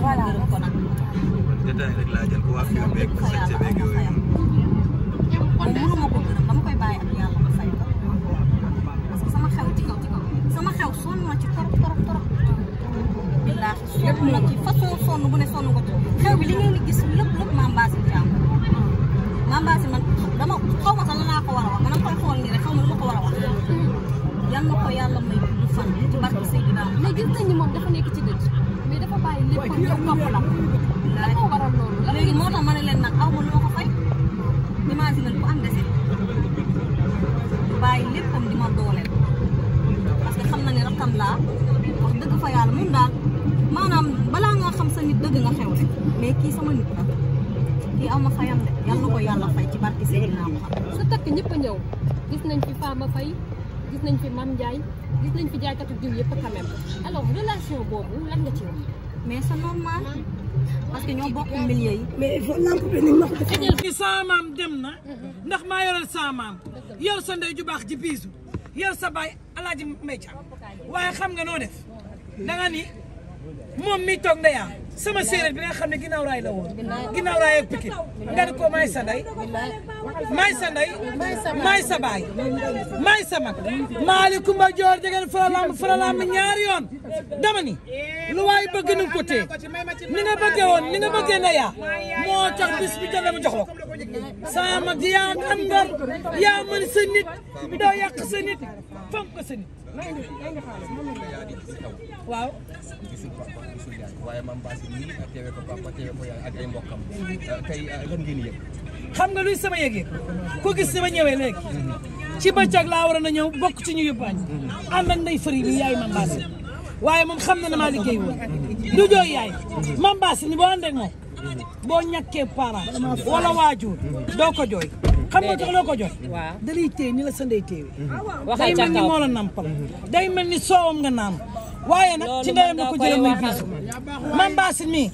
voilà. détail rek laa jël ko waa fii beeg sàcce beeg yooyu. moom mënuma ko gërëm dama koy bàyyi ak yàlla ma fay ko parce que sama xew ci kaw ci kaw sama xew sonn na ci torop torop torop. billaahi sonn na ci façon sonn bu ne sonn ko ci xew bi li ngeen di gis lépp lépp maa mbaasi jàmm maa mbaasi man dama xaw ma sax la laa ko war a wax man koy xool nii rek xaw ma lu ma ko war a wax. yan ma ko yàlla moo lakk. lan moo waral loolu la léegi ma ne leen nag aw loo ko fay. imagine bu am dese bàyyi lépp comme di ma dooleel parce que xam na ne rakkam laa wax dëgg maanaam balaa nga xam sa dëgg nga xew rek mais kii sama nit la kii aw ma fayam de yàlla ko yàlla fay ci barki Seydina Muhammad sa takk ñëpp a ñëw gis nañ fi Fama Faye gis nañ fi Mame njaay gis nañ fi jaaykatu diw yëpp quand même alors relation boobu lan nga ci wax mais c'est normal parce ñoo bokk milieu yi. mais lampe bi ni ma ko defee. saamaam dem na ndax maa yoral saamaam yow sa ndey ju baax ji biisu yow sa baay alaaji Mecca waaye xam nga noo def danga ni moom mi toog ndeyaam. sama séeréer bi nga xam ne ginnaaw raay la woon ginnaaw raay ak Pikine nga ne ko maay sa ndey maay sa ndey maay sa baay maay sa mag maalikumba joor jegeen faralam faralam ñaari yoon dama ni lu waay bëgg na ko téye ni nga bëggee woon ni nga bëggee na yaa moo tax bis bi jot dama jox la ko yaa am yaa mën sa nit doo yàq sa nit fonk sa naa indi naa la ñu. waaw. xam nga luy sama yëg ko gis ma ñëwee léegi. ci bëccëg la waroon a ñëw bokk ci ñu yóbbu añ. ànd fëri bi yaay maam Baasi. waaye moom xam na ne maa liggéey woon. du jooy yaay. maam Baasi ni boo ànd moom. boo ñàkkee parent wala waajur doo ko jooy. xam nga tax loo ko jot da lay téye ni la sa ndey téye mm-hmm. day mel ni moo la nampal day mel ni soowam nga naan waaye nag ci ndeyam la ko jëlee muy biisu man baasin mi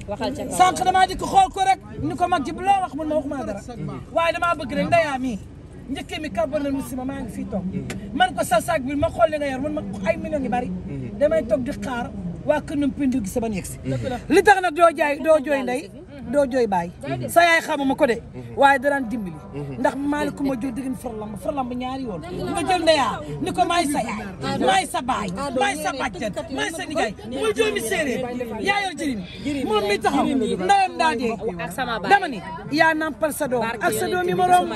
sànq damaa di ko xool ko rek ni ko mag ji loo wax mun ma waxuma dara mm-hmm. waaye damaa bëgg rek ndeyaa mi njëkkee mi karbonal musima maa ngi fii toog mm-hmm. man ko sa saag ma xool li nga yor ma ay million yi bari damay toog di xaar waa kër nam pindu gi sa ban yegsi li tax na doo jaay doo jooy ndey doo jooy baay sa yaay a ko de mhm. waaye daraan dimbali mhm. ndax maaliku ma jur digin farlamb farlamb ñaari yoon nga jël ndeyaa ni ko maay sa yaay maay sa baay maay sa bàjjan maay sa nijaay muy doomi séeréer yaa yor jirim moom mi taxaw ndeyam daa dee dama ni yaa nampal sa doom ak sa doom yi moroom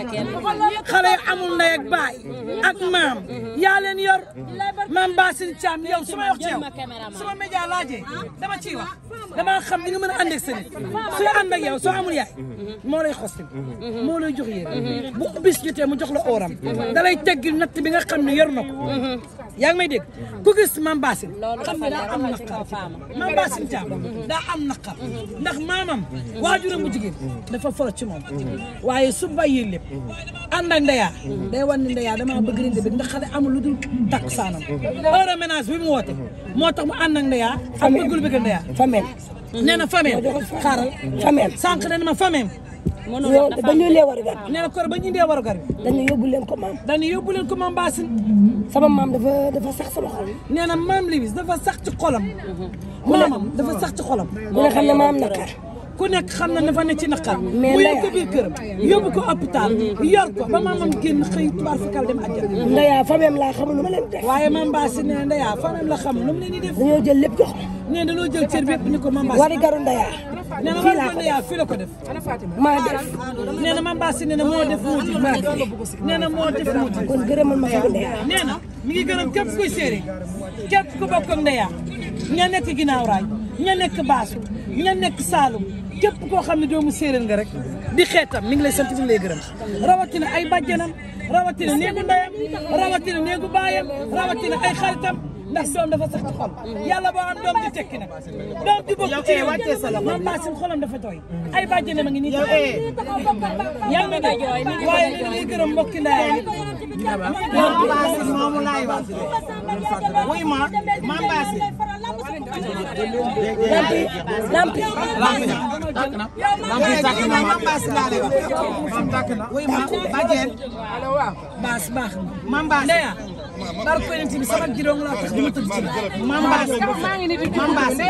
xale yu amul ndey ak baay mhm. ak maam yaa leen yor maam Basine Thiam yow su ma wax ci yow su ma média laajee ah? dama ciy wax dama xam ni nga mën a àndeeg sa nit ànd ak yow soo amul yaay moo lay xostin moo lay jox yére bu jox la ooram da lay teggil natt bi nga xam ne yor na ko yaa ngi may dégg ku gis maam Baasin xam ne daa am naqar maam Baasin Caam daa am naqar ndax maamam waajuram bu jigéen dafa foro ci moom waaye su bàyyee lépp ànd ak ndeyaa day wan ne ndeyaa dama bëgg rinde bi ndax xale amul lu dul takk saanam heure ménage bi mu woote moo tax mu ànd ak ndeyaa ak bëggul bëgg ndeyaa fa mel Mm-hmm. nee na fameem xaaral fameem sànq nee na ma fameem yow ba ñu lee warugar bi nee na kor ba ñu indee warugar bi dañu yóbbu leen ko maam dañu yóbbu leen ko maam Baasin mm-hmm. sama maam dafa dafa sax sama xol nee na maam Liwis da sax ci xolam maamam dafa sax ci xolam mu mm-hmm. ne xam ne maam nakar ku nekk xam na dafa ne ci naqar mu yor ko biir këram yóbbu ko hôpital yor ko ba maamam génn xëy tubaar fakal dem àjjana fameem laa xamul lu ma leen def waaye maam Baasin nee na ndeyaa fameem la xam lu mu leen di def dañoo jël lépp jox nee na jël cër bi yëpp ni ko Mamba. wari garu Ndaya. nee na wari garu Ndaya fii la ko def. maa def. nee na Mamba si nee na moo def muuti. maa def nee na moo def muuti. kon gërëmal ma garu Ndaya. nee na mi ngi gërëm képp kuy séeréer képp ku bokk ak Ndaya ña nekk ginnaaw raay ña nekk baasu ña nekk saalum képp koo xam ne doomu séeréer nga rek di xeetam mi ngi lay sant mi ngi lay gërëm rawatina ay bàjjanam rawatina néegu ndeyam rawatina néegu baayam rawatina ay xaritam ndax doom dafa sax ci xol yàlla boo am doom di tekki doom di bokk ci yow man Basine xolam dafa tooy ay bàjjene ma ngi nii yaa ngi dégg waaye li ñuy gërëm mbokki ndaay moom Basine moomu laay wax wuy ma maam Basine lampi lampi lampi tàkk na maam Basine laa lay wax wuy ma bàjjen barke yonent bi sama gidoon laa tax dama tëdd ci ma maa ngi nit ma mbaas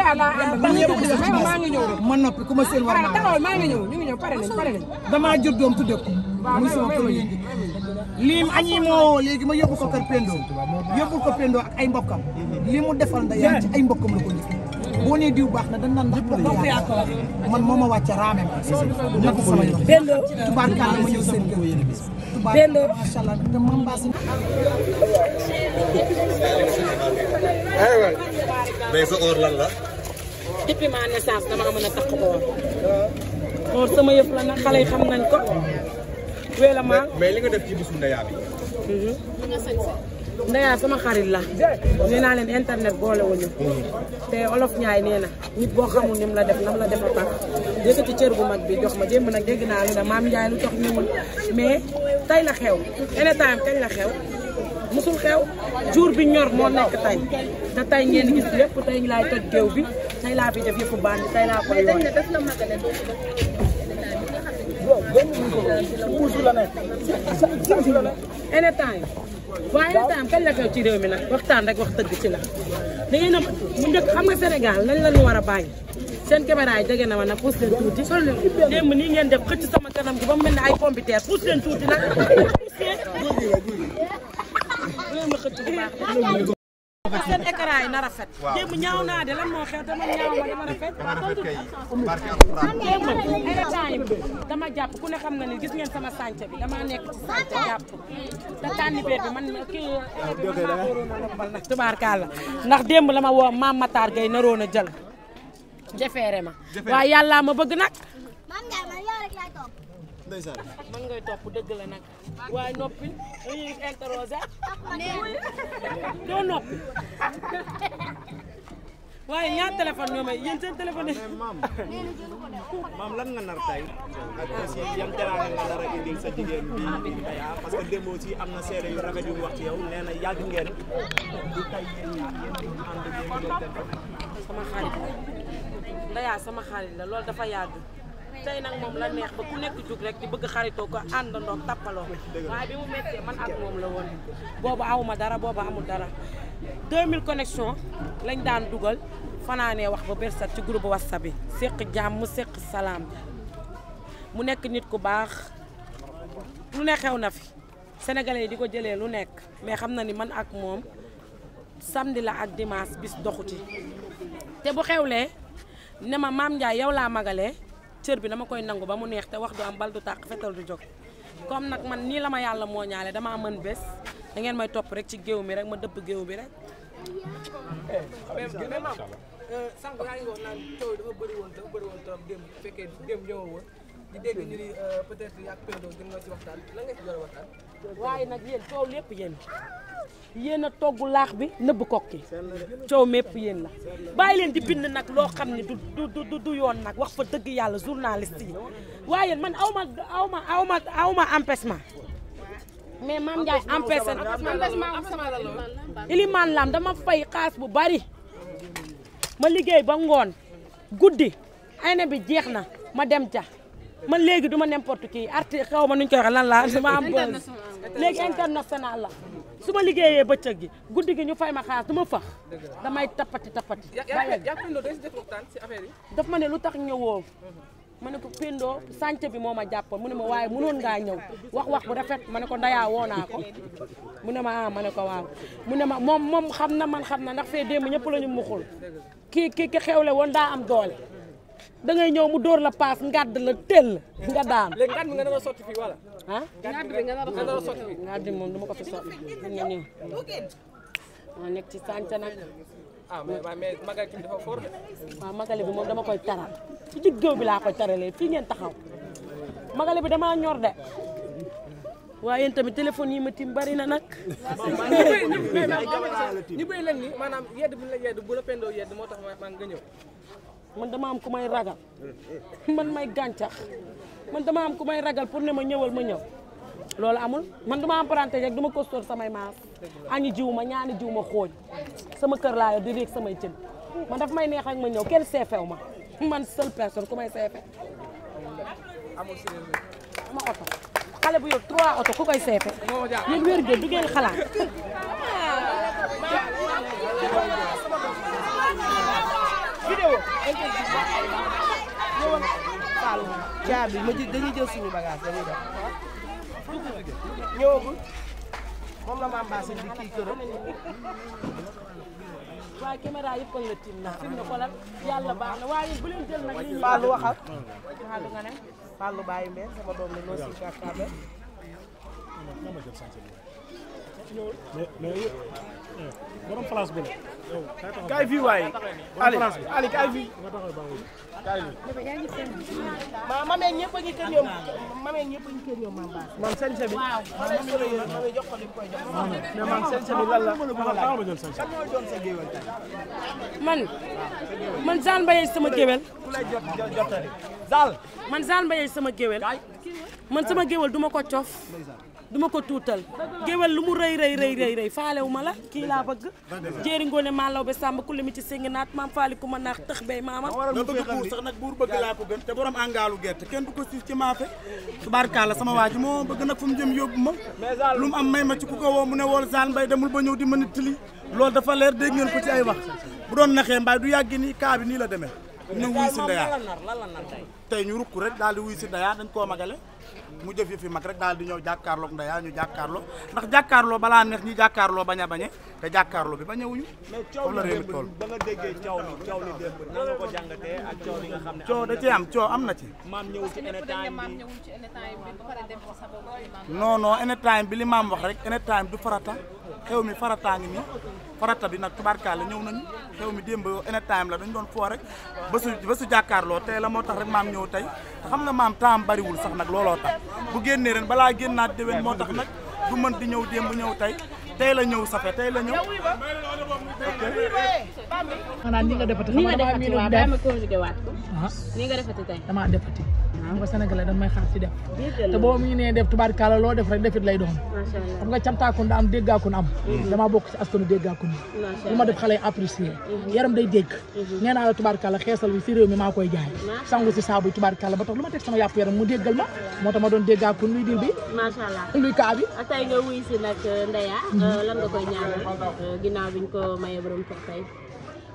maa ngi ñëw ma noppi ku ma seen war ma taxawal maa ñu ngi ñëw pare nañ damaa jur doom tudde ko muy sama premier lii añi moo léegi ma yóbbu ko kër Pendo yóbbu ko Pendo ak ay mbokkam li mu defal nda yaa ci ay mbokkam la ko njëkk boo nee diw baax na dañ naan ndax bopp moo ma wàcce raame ma naka sama yoon bendoo tubaarkàlla ma ñëw seen kër bendoo macha allah sa or lan la depuis ma naissance dama mën a takk or or sama yëf la nag xale yi xam nañ ko oh. weela maa mais li nga def ci bisu ndeyaa bi mhm. Ndeya sama xarit la nee naa leen internet boolewuñu mm-hmm. te olof ñaay nee na nit boo xamul ni la def nam la def a tax yëkkati cër bu mag bi jox ma jéem nag dégg naa lu ne maam lu jox ñëwul mais tey la xew any time kañ la xew musul xew jour bi ñor moo nekk tey te tey ngeen gis lépp tey laay toj géew bi tey laa fi def yëpp bandi tey laa koy toujours la nekk waaye anytime kañ ci réew mi nag waxtaan rek wax dëgg ci la da ngeen a mu njëkk xam nga Sénégal lañ la ñu war a bàyyi seen caméra yi jege na ma nag pousse leen tuuti démb nii ngeen def xëcc sama kanam gi ba mu mel ne ay pompiteer pousse leen tuuti nag écran yi na rafet. waaw démb ñaaw naa de lan moo xew ñaaw ma dama rafet. dama rafet kay barke jàpp ku ne xam na ni gis ngeen sama sànca bi dama nekk ci sànca jàpp te tànnibeer bi man kii maa waroon a lombal nag tubaarkàlla ndax démb la ma woo maam Matar Gueye naroon a jël jefeere ma waaye yàlla ma bëgg nag. ndeysaan man ngay topp dëgg la nag waaye noppi dañuy interroger doo noppi waaye ñaar téléphone ñoo may yéen seen téléphone ah, maam maam lan nga nar tey ak aussi yan teraanga nga nar a indil sa jigéen bi Ndaya parce que démb aussi am na seede yu rafet yu mu wax ci yow nee na ngeen du tey yéen ñaar yéen sama xarit Ndaya sama la loolu dafa yàgg tey nag moom la neex ba ku nekk jug rek di bëgg xaritoo ko àndandoo tappaloo waaye bi mu méttee man ak moom la woon boobu awuma dara boobu amul dara 2000 connexion lañ daan dugal fanaanee wax ba bersat ci groupe whatsapp bi séq jàmm séq salaam mu nekk nit ku baax lu ne xew na fi sénégalais di ko jëlee lu nekk mais xam na ni man ak moom samedi la ak dimaas bis doxuti te bu xewlee ne ma maam Ndiaye yow laa magalee cër bi dama koy nangu ba mu neex te wax du am bal du tàq fetal du jóg comme nag man nii la ma yàlla moo ñaale damaa mën bés da ngeen may topp rek ci géew mi rek ma dëbb géew bi rek. mais eh, eh, maam eh, sànq yaa ngi woon naan taw dafa bëri woon dafa bëri woon trop démb bu fekkee waaye nag yéen coow lépp yéen yéen a togg laax bi nëbb kokki coow mépp yéen la bàyyi leen di bind nag loo xam ne du yoon nag wax fa dëgg yàlla journaliste yi waaye man aw ma aw ma aw ma aw ma empêchement mais maam Ndiaye empêché na Ilimane Lam dama fay xaas bu bari ma liggéey ba ngoon guddi ayna bi jeex na ma dem ca ma léegi du ma qui arti xaw ma nuñ koy waxee lan laa ma am léegi international la su ma liggéeyee bëccëg gi guddi gi ñu fay ma xaas du ma fax damay tapati tapati. daf ma ne lu tax ñëwoo. ma ne ko Pendo sànc bi moo ma jàppoon mu ne ma waaye mënoon ngaa ñëw wax wax bu rafet ma ne ko ndayaa woo naa ko mu ne ma ah ma ne ko waaw mu ne ma moom moom xam na man xam na ndax fee démb ñëpp la ñu xul kii kii ki le woon daa am doole da ngay ñëw mu dóor la paas ngàdd la tëll nga daan. léegi ngàdd mi nga sotti fii ah ngadd bi moom duma ko fi sotti xam nga nii maa nekk ci sànca nag ah mais mais magal bi dafa moom dama koy taral ci digg bi laa koy taralee fii ngeen taxaw magal bi damaa ñor de waaye yéen tamit téléphone yi ma tim bari na nag. ñu bay lan ni yedd bu la pendoo yedd moo tax man nga ñëw. man dama am ku may ragal man may gàncax man dama am ku may ragal pour ne ma ñëwal ma ñëw loolu amul man dama duma emprunté rek duma costoor samay maas añi jiw ma ñaani jiw ma xooñ sama kër laa yor di réeg samay cën man daf may neex ak ma ñëw kenn seefew ma man seule personne ku may seefe ma oto xale bu yor trois oto ku koy seefe yéen wér ngeen du xalaat vidéo ñëwoon Fall caabi ma dañuy jël suñu bagage dañuy def ñëwagul moom la ma ambassé di kii këram waaye caméra yëpp la tiim na tiim na xoolal yàlla baax na waaye bu leen jël nag li Fallou waxal Fallou nga ne Fallou bàyyi mbee sama doom la loo si kàkkabe mais mais borom place bi la kaay fii waaye Ali Ali kaay fii ma mame ñëpp a ngi kër ñoom mame ñëpp a ngi kër ñoom maam baas maam sañ sabi waaw mame jox ko li koy jox mais maam sañ sabi lan la kan moo doon sa géwél tey man man Zal Mbaye sama géwél ku lay jot jotari Zal man Zal Mbaye sama géwél man sama géwél duma ko coof duma ko tuutal géwél lu mu rëy rëy rëy rëy rëy faalewu ma la kii laa bëgg jéeri ngoone maa law be sàmb ku limi ci séngi naat maam faali ku ma naax tëx bay maamam nga bëgg buur sax nag buur bëgg laa ko gën te borom angaalu gerte kenn du ko siif ci maafe tubaarkàlla bëgg nag fu mu jëm yóbbu ma lu mu am may ma ci ku ko woo mu ne wool zaan mbay demul ba ñëw di mën a tili lool dafa leer dégg ngeen ko ci ay wax bu doon naxee mbaay du yàgg nii kaa nii la demee ñu wuy si ndayaa tey ñu rukk rek daal di wuy si ndayaa dañ koo magale mu jëf yëf yi mag rek daal di ñëw jàkkaarloog ndeyaa ñu jàkkaarloo ndax jàkkaarloo balaa neex ñu jàkkaarloo bañ a te jàkkaarloo bi ba ñëwuñu. comme la réew mi toll mais coow ba nga déggee coow li coow li démb nan nga da cee am coow am na ci. maam ñëwul ci anytime bi non non bi li maam wax rek anytime du farata xew mi farataa ngi nii farata bi nag la ñëw nañu xew mi démb en time la dañ doon foo rek ba su ba su jàkkaarloo tey la moo tax rek maam ñëw tey te xam nga maam temps bariwul sax nag looloo tax bu génnee ren balaa génnaat déwén moo tax nag du mën di ñëw bu ñëw tey tey la ñëw safe tey la ñëw. xanaa ni nga defati xam nga damaa miinu def dama conjugué waat ko. ni nga defati tey damaa defati. Ah. xam nga Sénégalais dañ may xaar ci def. te boo mu nee def tubaarkalla loo def rek defit lay doon. xam nga cantaakun da am déggaakun am. Mm-hmm. damaa bokk ci askanu déggaakun bi. lu ma def xale yi apprécier. Mm-hmm. yaram day dégg. Mm-hmm. nee naa la tubaarkalla xeesal bi si réew mi maa koy jaay. sangu ci saabu tubaarkalla ba tax lu ma teg sama yàpp yaram mu déggal ma moo tax ma doon déggaakun luy dil bi. macha allah luy Euh, lan nga koy ñaanal euh, ginnaaw biñ ko mayee borom kër tey.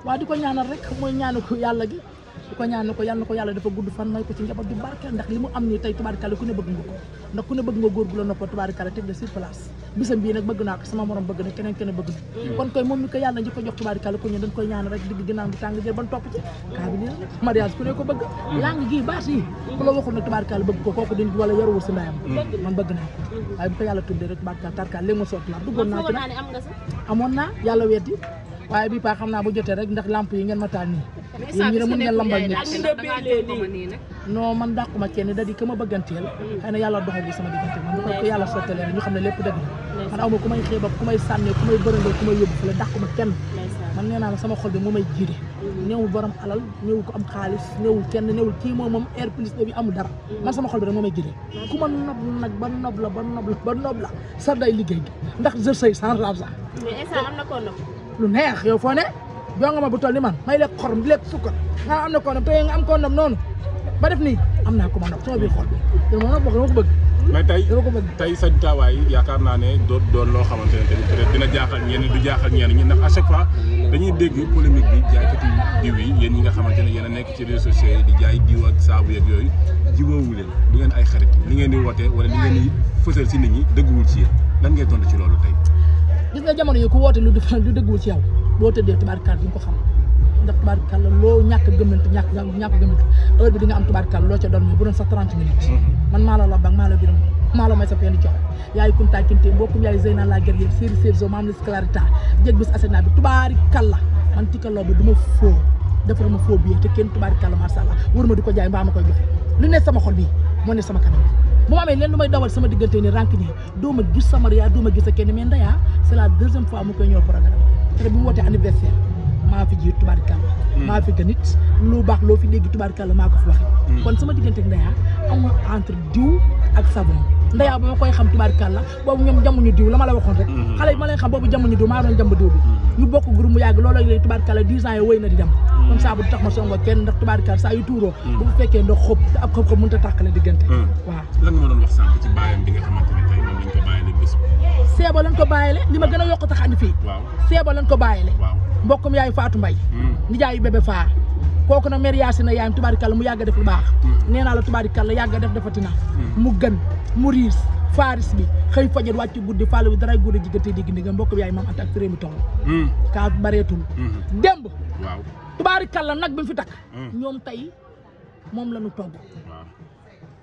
waaw di ko ñaanal rek mooy ñaana ko yàlla gi. su ko ñaan na ko yàlla na ko yàlla dafa gudd fan may ko ci njaboot ju barkeel ndax li mu am nii tey tubaarikàlla ku ne bëgg nga ko ndax ku ne bëgg nga góor gu la noppal tubaarikàlla la ko sama morom hmm. ko ñaan rek digg ginnaaw bi tàng jël ban topp ci kaa bi nii ku ne ko bëgg hmm. langue gii baat yi ku la waxoon ne tubaarikàlla bëgg ko kooku dañ wala yaruwul si ndayam hmm. man bëgg naa ko waaye bu ko yàlla tuddee rek tubaarikàlla tarkal léegi ma sotti naa duggoon naa waaye bii paa xam naa bu jotee rek ndax lamp yi ngeen ma taal nii yéen ñi ne mën ngeen lambal nit non man dàquma kenn da di ka ma bëgganteel xëy na yàlla doxal bi sama diggante man ko ko yàlla sottalee ñu xam ne lépp dëgg la man aw ma ku may xeeb ak ku may sànne ku may bërëndoo ku may yóbbu fële dàquma kenn man nee naa la sama xol bi moo may jiite mm-hmm. néewul borom alal néewul ko am xaalis néewul kenn néewul kii moom moom air plus bi amul dara mm-hmm. man sama xol bi rek moo may jiite ku ma nob nag ba nob la ba nob la ba nob la sar day liggéey gi ndax jër say sans rab sax lu neex yow foo ne jonga ma bu toll ni man may lekk xorom di lekk sukkar nga am na kondam te nga am kondam noonu ba def nii am naa ko ma nag sama biir xol yow ma nag wax taawaay yaakaar naa ne doo doon loo xamante ne tamit peut être dina jaaxal du jaaxal ñenn ñi ndax à chaque fois dañuy dégg polémique bi jaaykati diw nga xamante ne yéen a nekk ci réseaux sociaux jaay diw ak leen du ngeen ay xarit li ngeen di woote wala li ngeen di fësal si nit ñi dëgguwul ci lan ngay tontu ci loolu tey gis nga jamono yi ku woote lu dëggul ci yow boo tëddee tubaarkàlla di nga ko xam ndax tubaarkàlla loo ñàkk gëmant ñàkk ñàkk gëmant heure bi di nga am tubaarkàlla mm-hmm. la la bang maa la biram maa la may sa pen di jox yaay Kunta Kinte mbokkum yaay Zeyna la guerrière séri séri zo maam les clarita jeg bis asena bi tubaarkàlla man tikkaloo ba du ma defaral ma faux billet te kenn tubaarikàlla macha allah ma di ko jaay mbaa ma koy joxe lu ne sama xol bi moo ne sama kanam bu ma amee leen lu may dawal sama diggante ni rank ñi doo ma gis sama ria doo ma gis a kenn mais ndaya c'est la deuxième fois mu koy ñëw programme te bu mu wootee anniversaire maa fi ji tubaarikàlla hmm. maa fi gën nit lu baax loo fi dégg tubaarikàlla maa ko fi waxe hmm. kon sama diggante ak ndaya amul entre diw ak savon ndeyaa ba ma koy xam tubaarkàlla boobu ñoom jamuñu diw la ma la waxoon rek mhm. xale yi ma leen xam boobu jamuñu diw maa doon jamb diw bi mhm. ñu bokk groupe mu yàgg loolu léegi tubaarkàlla dix ans yi wéy na di dem comme mhm. ça bu tax ma songo kenn ndax tubaarkàlla saa yu tuuroo bu fekkee ndox xob te ab xob xob mënut a diggante waaw lan wax sànq ci bàyyam bi nga lañ ko bàyyi le ko li ma gën a yokk tax andi fii seeba lañ ko bàyyile mbokkum yaay Fatou Mbaye nijaayu bébé Faa kooku na mère Yacine yaayam tubaarikàlla mu yàgg def lu baax mm. nee naa la kal tubaarikàlla yàgg a def dafatina mm. mu gën mu riis faaris bi xëy fajar wàcc guddi fàll bi dara guddi jigante digg ndigam mbokk bi yaay maam ant ak réew mi toll mm. kaa bareetul mm-hmm. démb waaw nag bi fi takk ñoom tey moom la ñu togg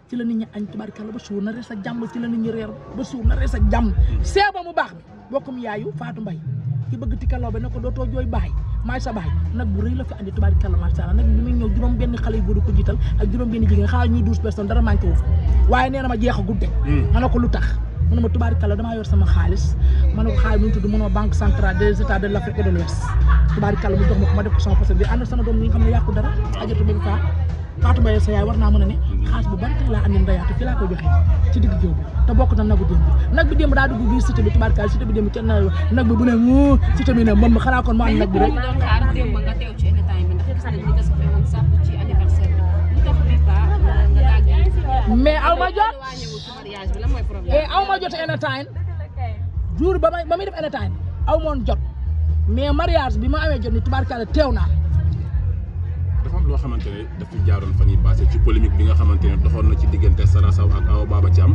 ci la nit ñi añ tubaarikàlla ba suur na rees ak jàmm ci la nit ñi reer ba suur na rees ak jàmm seeba mu baax bi bokkum yaayu Fatou mbay ki bëgg tikkaloo ba ne ko dootoo jooy baay macha baay nag bu rëy fi andi tubaab kàlla macha allah nag bi muy ñëw juróom benn xale yu góor ko jiital ak juróom benn jigéen xaar ñuy douze personnes dara a gudde hmm. ma ne ko lu tax mu ne ma tubaab kàlla damaa yor sama xaalis ma ne ko xaalis mu tudd mu ne ma banque centrale des états de l' de l' Ouest tubaab mu jox ma def ko sama poste bi ànd sama doom ñi xam ne yàqu dara ajatu benn fa Fatou Mbaye sa yaay war naa mën a ne xaas bu bari tey laa amee ndayaate fi laa ko joxee digg géew bi te bokk na nagu démb nag bi démb daa dugg biir cité bi tubaarkaal cité bi démb kenn nag bi bu ne mu cité bi ne moom xanaa kon mu am nag bi rek mais aw ma jot et eh, aw ma jot anytime jour ba may ba muy def aw moon jot mais mariage bi ma amee jot ni tubaarkaal teew naa dafa loo xamante ne daf fi jaaroon fa yi passé ci polémique bi nga xamante ne doxoon na ci diggante Sara Sow ak Awa Baba Thiam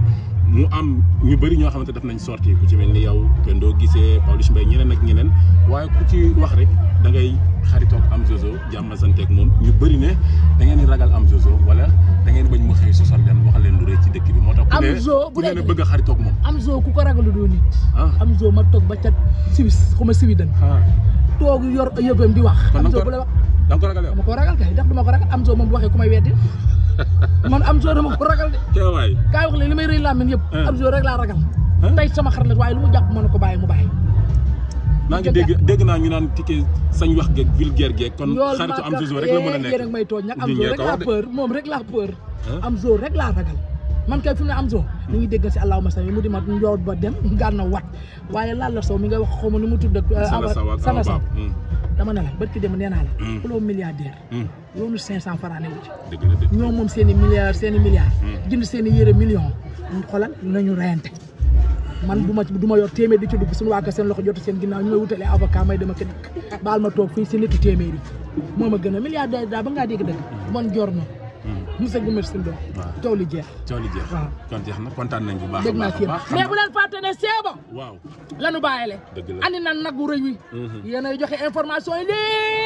mu am ñu bëri ñoo xamante daf nañ sorti ku ci mel ni yow kenn doo gisee Pawlish Mbaye ñeneen ak ñeneen waaye ku ci wax rek da ngay xaritoog am zozo jàmm santeeg moom ñu bëri ne da ngeen di ragal am zozo wala da ngeen bañ mu xëy sosal leen wax leen lu rëy ci dëkk bi moo tax. am zo bu dee ku ne bëgg a xaritoog moom. am zo ku ko ragalu doo nit. Ah. am zo ma toog ba ca Suisse xuma Sweden. Ah. toog yor yëgam di wax. am zo bu la wax da nga ko ragal yow. dama ko ragal kay ndax duma ko ragal am zo moom bu waxee ku man am soo dama ko ragal de. ca waay kaay li may rëy làmmiñ yëpp. Eh. am soo rek laa ragal. Eh? tey sama xar la waaye lu mu jàpp mën na ko bàyyi mu maa ngi dégg dégg naa ñu naan tike sañ wax geeg vulgaire geeg kon xaritu am a nekk eh, yéen may tooñ nag am soo rek laa peur moom rek laa peur. am soo rek laa ragal. man kay fi ne am soo ni hmm. ngi déggal si allahuma sami mu di ma njoot ba dem gànna wat waaye laal la sow mi nga wax xaw ma nu mu tudd ak. sana saw dama ne la barki dem nee naa la. xuloo hmm. milliardaire. Hmm. yoonu 500 francs ne wu ci. dëgg ñoo moom seen i milliards seen i milliards. Hmm. seen yére million xolal nañu reyante. man bu ma du ma yor téeméer di ci dugg suñu waa seen loxo jot seen ginnaaw ñu may wutalee avocat may dama ko dikk baal ma toog fii si nitu téeméer yi moo ma gën a milliardaire daal ba ngaa dégg dëgg man jor na. Moussa Guimard Sindou. waaw coow li jeex. coow li jeex waaw kon jeex na kontaan nañ bu baax a baax a baax. mais bu leen fàtte ne seeba. waaw lanu bàyyile. dëgg la andi na nagu rëy wi. Mhm. yéen a joxe information yi léegi.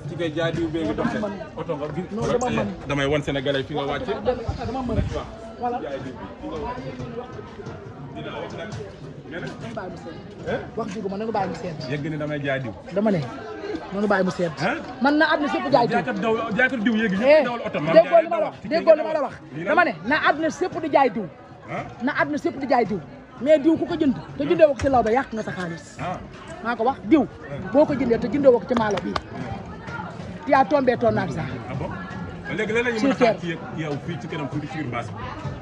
ci ngay jaay diw bee ngi dox oto nga damay wan sénégalais fi nga wàcce dama mën voilà jaay diw dina wax nag wax dëgg ma nanu bàyyi mu seet yëgg ni damay jaay diw dama ne noonu bàyyi mu seet man na àdduna sépp jaay diw jaaykat diw yéegi ñëpp eh, dawal oto man déggoo li ma la wax déggoo ma wax dama ne na àdduna sépp di jaay diw na àdduna sépp di jaay diw mais diw ku ko jënd te jëndee woo ci law ba yàq nga sa xaalis maa ko wax diw boo ko jëndee te jëndee woo ci maalo bii tu as tombé ton argent. Ah léegi lan la ñuy mën a xaar ci yow fii ci kanam tuuti ci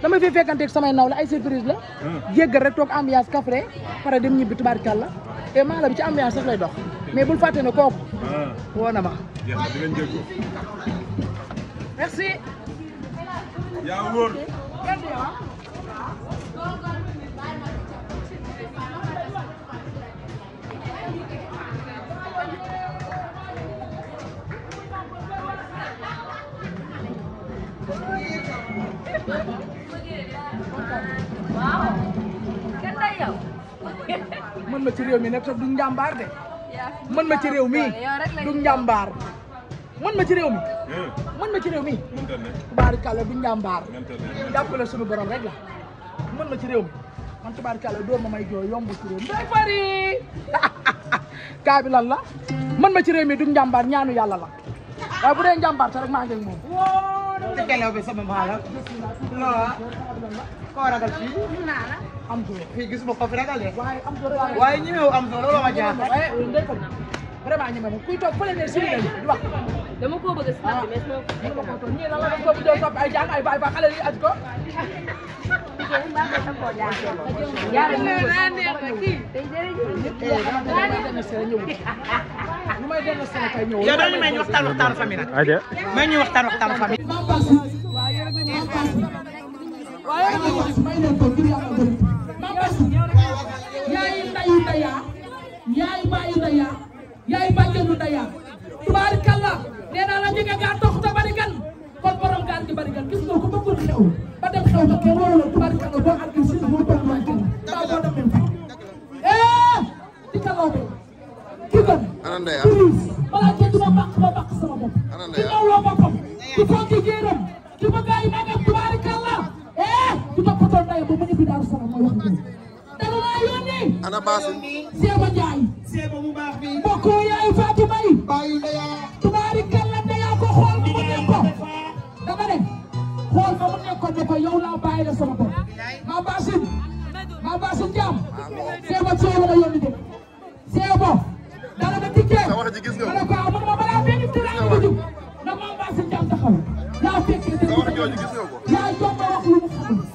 dama fi samay naw ay surprise la. jéggal ah. rek toog ambiance kafre pare dem ñibbi tubaarkàlla et maa la bi ci ambiance sax lay dox mais bul fàtte ne kooku. Ah. woo na ma. jërëjëf waaw kenn day yow. mën ma ci réew mi nag sax du njàmbaar de. mën ma ci réew mi du njàmbaar. mën ma ci réew mi. Eh. mën ma ci réew mi. tubaarikàlla du njàmbaar. jàppale sunu borom rek la. mën ma ci réew mi man tubaarikàlla doo ma may jooy yomb ci réew mi. day fari kaa bi lan la. mën ma ci réew mi du njàmbaar ñaanu yàlla la waaye bu dee njàmbaar sax rek maa ngi ak moom. te gelew bi sama mbaala loola koo ragal fii am doole fii gisuma ko fi ragal de waaye ñemewu am doole looloo ma jaaxal waaye ndey ko vraiment ñeme na kuy toog fële ne suñu di wax dama ko bëgg si nag mais sama ko toog ñii la la ko bi do topp ay jàng ay baay ba xale yi at ko yaa neex na kii yow doo ñu may ñu waxtaan waxtaanu famille nag. ok may ñu waxtaan waxtaanu famille. yaay ndayu ndaya yaay baayu ndaya yaay bàjjenu ndaya tubaarikàlla nee naa la njëkk a gaa tox te bari gan kon borom gaan di bari gan gis nga ko bëggul xew ba dem xew ba kenn warul tubaarikàlla boo àggee siis moo toog waa kenn baa boo demee fa ee di kalaw bi ana Ndeya ah. balaa ngeen di ma bàq ma bàq sama bopp. ana Ndeya ci nawloo ah. boppam. ci fonki géeram ci bëgg ay magam tubaarikàlla. eh ci toppatoo Ndeya ba mu ñibbi Daaru Salaam ma wax dëgg. dara laa yónni. ana Baasi. Seeba Njaay. Seeba mu baax bi. mbokk yaayu Fatou Mbaye. baayu Ndeya. tubaarikàlla Ndeya ko xool ba mu nekkoon. dama ne xool ba mu nekkoon ne ko yow laa bàyyi la sama bopp. ma Baasi. ma Baasi Njaam. Seeba Thiel la yónni de. Seeba. wax ji gis nga ko waaw ah, man ma balaa benn tur a am dugg na ma mbaa sa jàmm taxaw laa fekkee sa wax jooju gis nga ko yaa jox ma wax lu mu xamul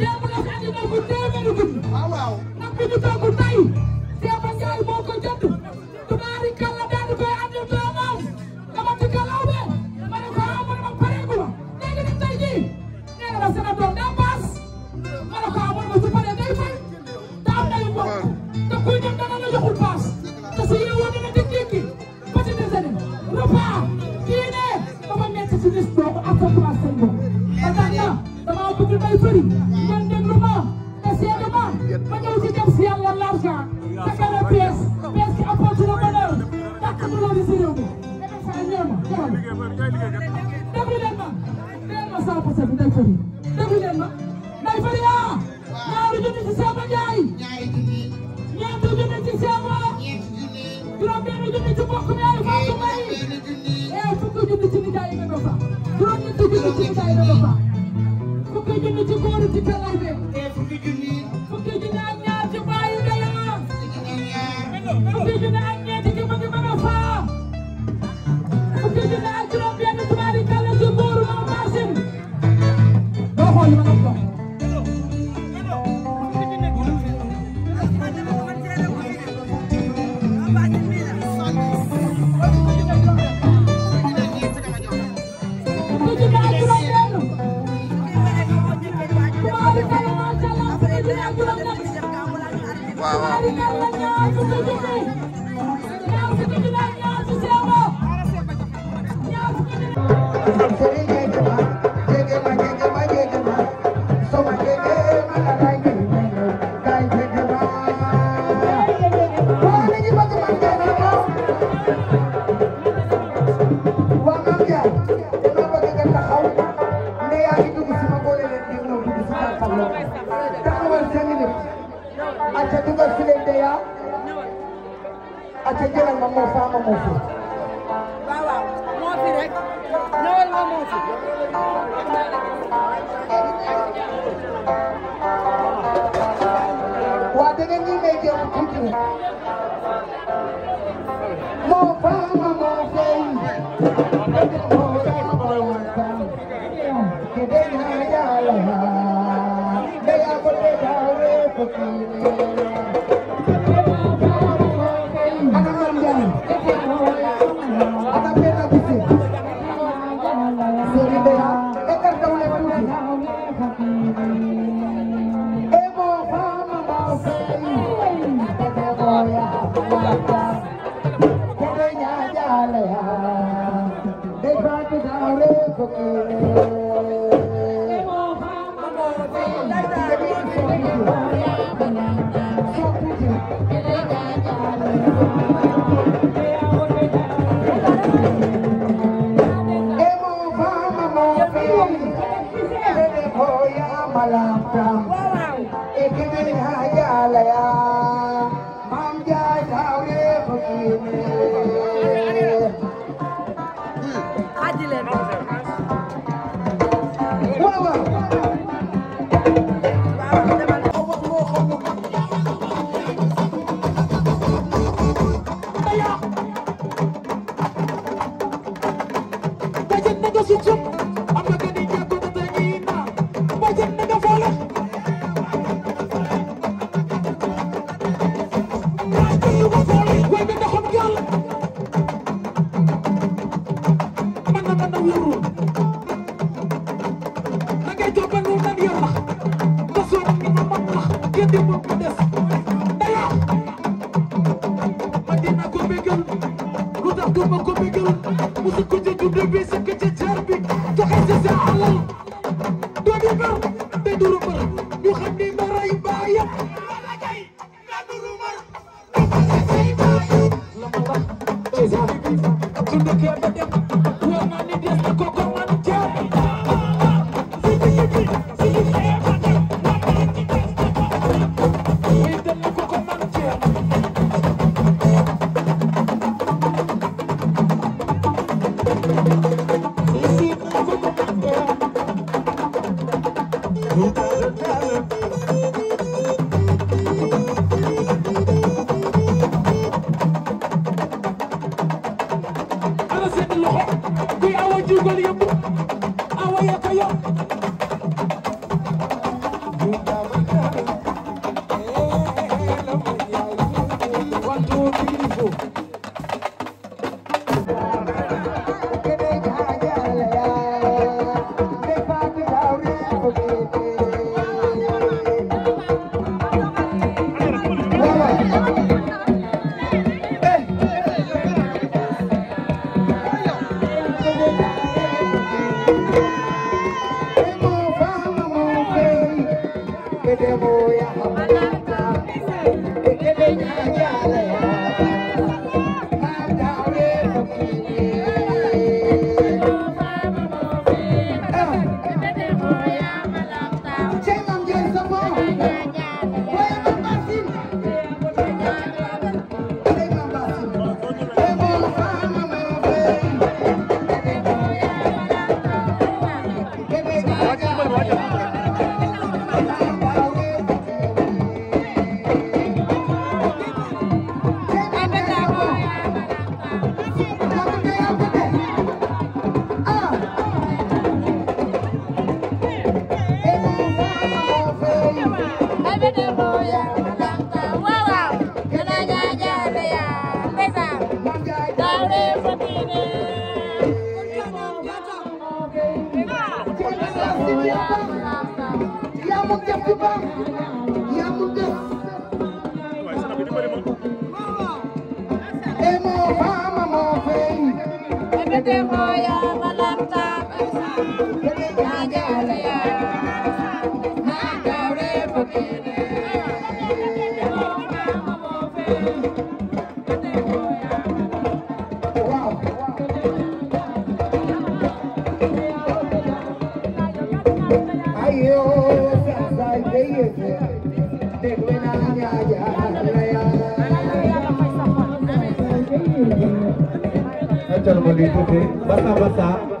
démb la fi andi na ko téeméeri guddi ah, waaw waaw nag bi ñu togg tey Demba Ndiaye moo ko jot ma ñëw ci def si yàlla l'argent takara pièce pièce qui apporte le bonheur ndax am na lu si réew mi dama saa ñëw ma joxal déglu leen ma leen ma cent pour cent bi day fëri déglu leen ma day fëri yaa ñaari junni ci Samba Ndiaye ñeenti junni ci Samba juróom benn junni ci mbokk mi ay Fatou Mbaye ee fukki junni ci nijaay nga dofa juróom ñetti junni ci nijaay nga dofa fukki junni ci góor ci pelay be waaw waaw la ma wax. Ebe te mo ya malanta, ebe te mo ya malanta. bi côté Bassa